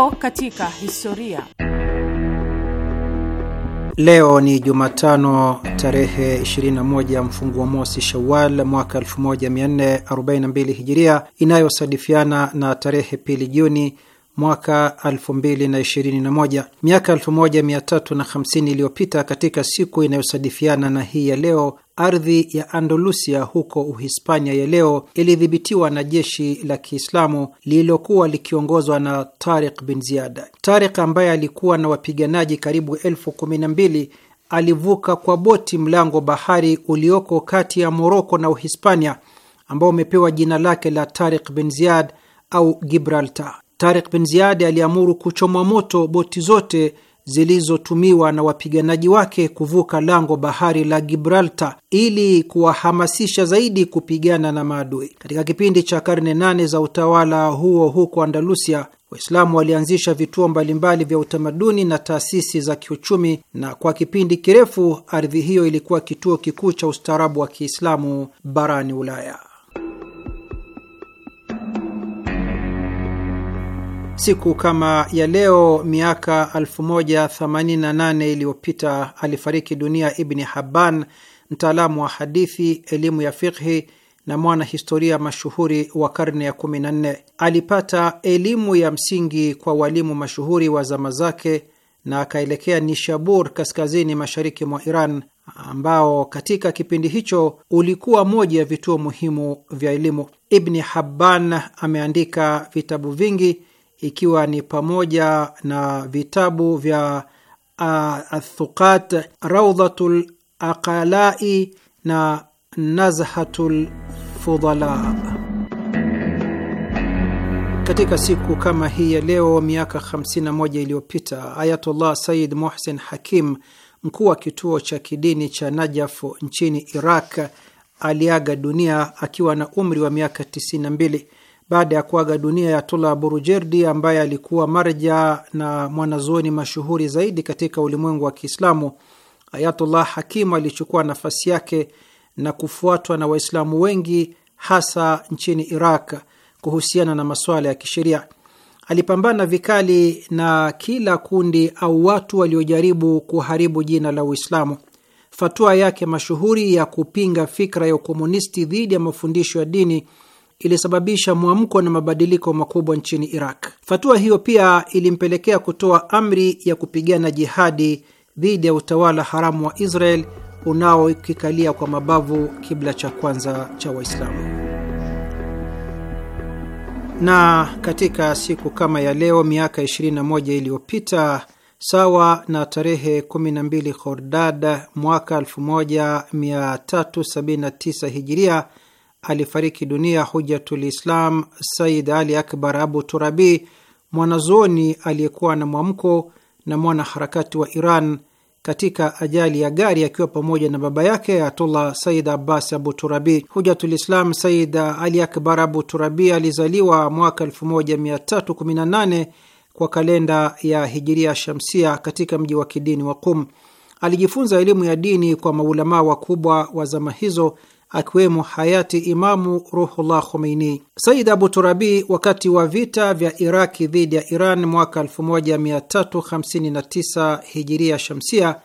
Leo katika historia. Leo ni Jumatano tarehe 21 mfunguwa mosi Shawal mwaka 1442 Hijiria, inayosadifiana na tarehe pili Juni mwaka 2021. Miaka 1350 iliyopita, katika siku inayosadifiana na hii ya leo, ardhi ya Andalusia huko Uhispania ya leo ilidhibitiwa na jeshi la Kiislamu lililokuwa likiongozwa na Tariq bin Ziyad. Tariq ambaye alikuwa na wapiganaji karibu elfu kumi na mbili alivuka kwa boti mlango bahari ulioko kati ya Moroko na Uhispania ambao umepewa jina lake la Tariq bin Ziyad au Gibraltar. Tariq bin Ziyad aliamuru kuchomwa moto boti zote zilizotumiwa na wapiganaji wake kuvuka lango bahari la Gibraltar ili kuwahamasisha zaidi kupigana na maadui. Katika kipindi cha karne nane za utawala huo huko Andalusia, Waislamu walianzisha vituo mbalimbali vya utamaduni na taasisi za kiuchumi, na kwa kipindi kirefu ardhi hiyo ilikuwa kituo kikuu cha ustaarabu wa Kiislamu barani Ulaya. Siku kama ya leo miaka 1088 iliyopita alifariki dunia Ibni Habban, mtaalamu wa hadithi, elimu ya fikhi na mwana historia mashuhuri wa karne ya 14. Alipata elimu ya msingi kwa walimu mashuhuri wa zama zake na akaelekea Nishabur kaskazini mashariki mwa Iran ambao katika kipindi hicho ulikuwa moja ya vituo muhimu vya elimu. Ibni Habban ameandika vitabu vingi ikiwa ni pamoja na vitabu vya Athuqat, Raudhatul Aqalai na Nazhatul Fudala. Katika siku kama hii ya leo miaka 51 iliyopita Ayatullah Sayyid Muhsin Hakim, mkuu wa kituo cha kidini cha Najaf nchini Iraq, aliaga dunia akiwa na umri wa miaka 92 baada ya kuaga dunia ya Tula Burujerdi ambaye alikuwa marja na mwanazuoni mashuhuri zaidi katika ulimwengu wa Kiislamu, Ayatullah Hakim alichukua nafasi yake na kufuatwa na Waislamu wengi hasa nchini Iraq kuhusiana na masuala ya kisheria. Alipambana vikali na kila kundi au watu waliojaribu kuharibu jina la Uislamu. Fatua yake mashuhuri ya kupinga fikra ya ukomunisti dhidi ya mafundisho ya dini ilisababisha mwamko na mabadiliko makubwa nchini Iraq. fatua hiyo pia ilimpelekea kutoa amri ya kupigana jihadi dhidi ya utawala haramu wa Israel unaokikalia kwa mabavu kibla cha kwanza cha Waislamu. Na katika siku kama ya leo miaka 21 iliyopita sawa na tarehe 12 Khordad mwaka 1379 Hijiria, alifariki dunia Hujatul Islam Said Ali Akbar Abu Turabi, mwanazuoni aliyekuwa na mwamko na mwanaharakati wa Iran katika ajali ya gari akiwa pamoja na baba yake Ayatullah Said Abbas Abu Turabi. Hujatulislam Said Ali Akbar Abu Turabi alizaliwa mwaka 1318 kwa kalenda ya Hijiria Shamsia katika mji wa kidini wa Qum. Alijifunza elimu ya dini kwa maulamaa wakubwa wa zama hizo akiwemo hayati Imamu Ruhullah Khomeini. Said Abu Turabi, wakati wa vita vya Iraki dhidi ya Iran mwaka 1359 hijiria shamsia,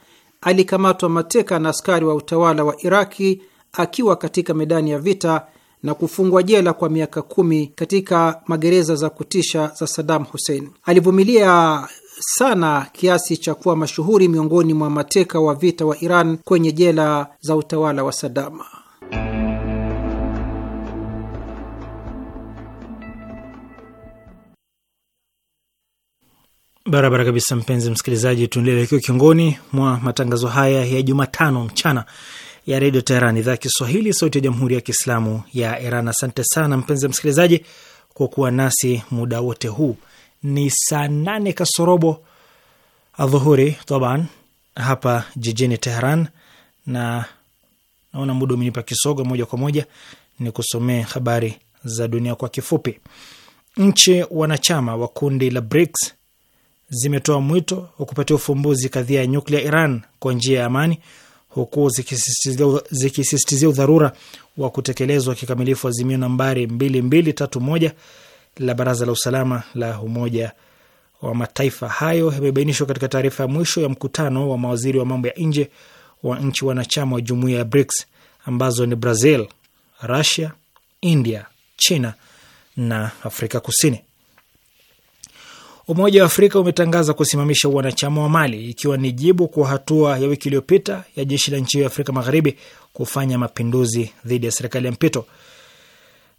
alikamatwa mateka na askari wa utawala wa Iraki akiwa katika medani ya vita na kufungwa jela kwa miaka kumi katika magereza za kutisha za Saddam Hussein. Alivumilia sana kiasi cha kuwa mashuhuri miongoni mwa mateka wa vita wa Iran kwenye jela za utawala wa Saddam. Barabara kabisa, mpenzi msikilizaji, tunaelekea ukingoni mwa matangazo haya ya Jumatano mchana ya redio Teheran, idhaa ya Kiswahili, sauti ya jamhuri ya kiislamu ya Iran. Asante sana mpenzi msikilizaji kwa kuwa nasi muda wote huu. Ni saa nane kasorobo adhuhuri taban hapa jijini Teheran, na Naona muda umenipa kisogo, moja kwa moja ni kusomea habari za dunia kwa kifupi. Nchi wanachama wa kundi la BRICS zimetoa mwito wa kupatia ufumbuzi kadhia ya nyuklia Iran kwa njia ya amani, huku zikisisitizia udharura wa kutekelezwa kikamilifu azimio nambari 2231 la Baraza la Usalama la Umoja wa Mataifa. Hayo yamebainishwa katika taarifa ya mwisho ya mkutano wa mawaziri wa mambo ya nje wa nchi wanachama wa jumuiya ya BRICS ambazo ni Brazil, Russia, India, China na Afrika Kusini. Umoja wa Afrika umetangaza kusimamisha wanachama wa Mali ikiwa ni jibu kwa hatua ya wiki iliyopita ya jeshi la nchi hiyo ya Afrika Magharibi kufanya mapinduzi dhidi ya serikali ya mpito.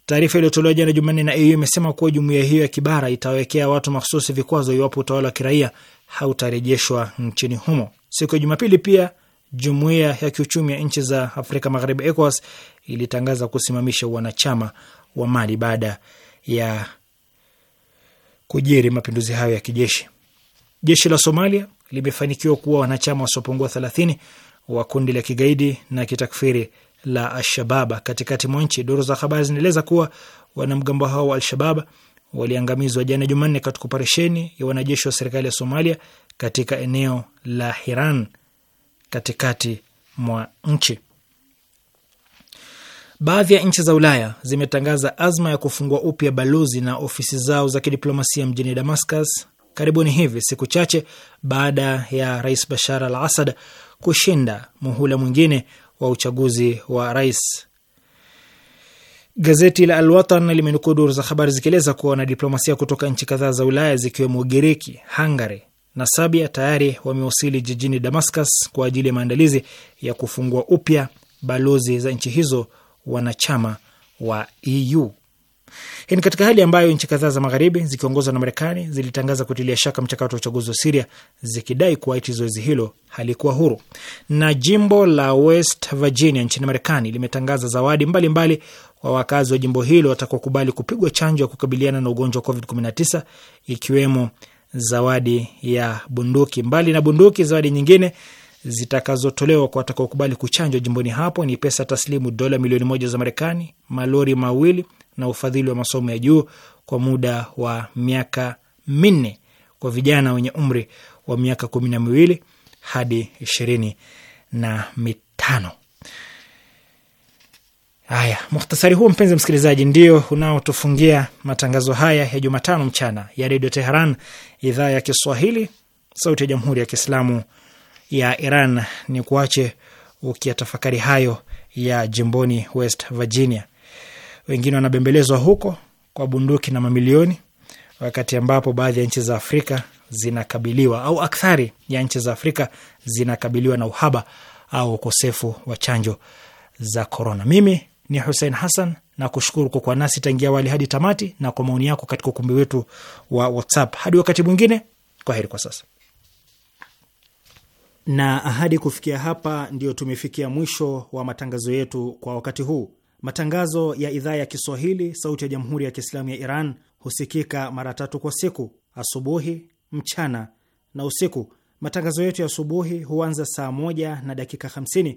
Taarifa iliyotolewa jana Jumanne na EU imesema kuwa jumuiya hiyo ya kibara itawekea watu mahsusi vikwazo iwapo utawala wa kiraia hautarejeshwa nchini humo. Siku ya Jumapili pia Jumuiya ya Kiuchumi ya Nchi za Afrika Magharibi, ECOWAS, ilitangaza kusimamisha wanachama wa Mali baada ya kujiri mapinduzi hayo ya kijeshi. Jeshi la Somalia limefanikiwa kuwa wanachama wasiopungua thelathini wa kundi la kigaidi na kitakfiri la Alshababa katikati mwa nchi. Duru za habari zinaeleza kuwa wanamgambo hao wa Alshababa waliangamizwa jana Jumanne katika operesheni ya wanajeshi wa serikali ya Somalia katika eneo la Hiran katikati mwa nchi. Baadhi ya nchi za Ulaya zimetangaza azma ya kufungua upya balozi na ofisi zao za kidiplomasia mjini Damascus karibuni hivi, siku chache baada ya Rais Bashar al Assad kushinda muhula mwingine wa uchaguzi wa rais. Gazeti la Alwatan limenukuu duru za habari zikieleza kuwa wanadiplomasia kutoka nchi kadhaa za Ulaya zikiwemo Ugiriki, Hungary, na Sabia tayari wamewasili jijini Damascus kwa ajili ya maandalizi ya kufungua upya balozi za nchi hizo wanachama wa EU. Hii ni katika hali ambayo nchi kadhaa za magharibi zikiongozwa na Marekani zilitangaza kutilia shaka mchakato wa uchaguzi wa Siria zikidai kuwa eti zoezi hilo halikuwa huru. Na jimbo la West Virginia nchini Marekani limetangaza zawadi mbalimbali mbali wa wakazi wa jimbo hilo watakaokubali kupigwa chanjo ya kukabiliana na ugonjwa wa COVID-19 ikiwemo zawadi ya bunduki. Mbali na bunduki, zawadi nyingine zitakazotolewa kwa watakaokubali kuchanjwa jimboni hapo ni pesa taslimu dola milioni moja za Marekani, malori mawili na ufadhili wa masomo ya juu kwa muda wa miaka minne kwa vijana wenye umri wa miaka kumi na miwili hadi ishirini na mitano. Haya, muhtasari huo mpenzi msikilizaji, ndio unaotufungia matangazo haya ya Jumatano mchana ya redio Teheran, idhaa ya Kiswahili, sauti ya jamhuri ya kiislamu ya Iran. Ni kuache ukiyatafakari hayo ya jimboni West Virginia, wengine wanabembelezwa huko kwa bunduki na mamilioni, wakati ambapo baadhi ya nchi za Afrika zinakabiliwa au akthari ya nchi za Afrika zinakabiliwa na uhaba au ukosefu wa chanjo za korona. Mimi ni Hussein Hassan na kushukuru kwa kuwa nasi tangia awali hadi tamati na kwa maoni yako katika ukumbi wetu wa WhatsApp. Hadi wakati mwingine, kwa heri kwa sasa. Na ahadi kufikia hapa, ndio tumefikia mwisho wa matangazo yetu kwa wakati huu. Matangazo ya idhaa ya Kiswahili sauti ya Jamhuri ya Kiislamu ya Iran husikika mara tatu kwa siku: asubuhi, mchana na usiku. Matangazo yetu ya asubuhi huanza saa moja na dakika 50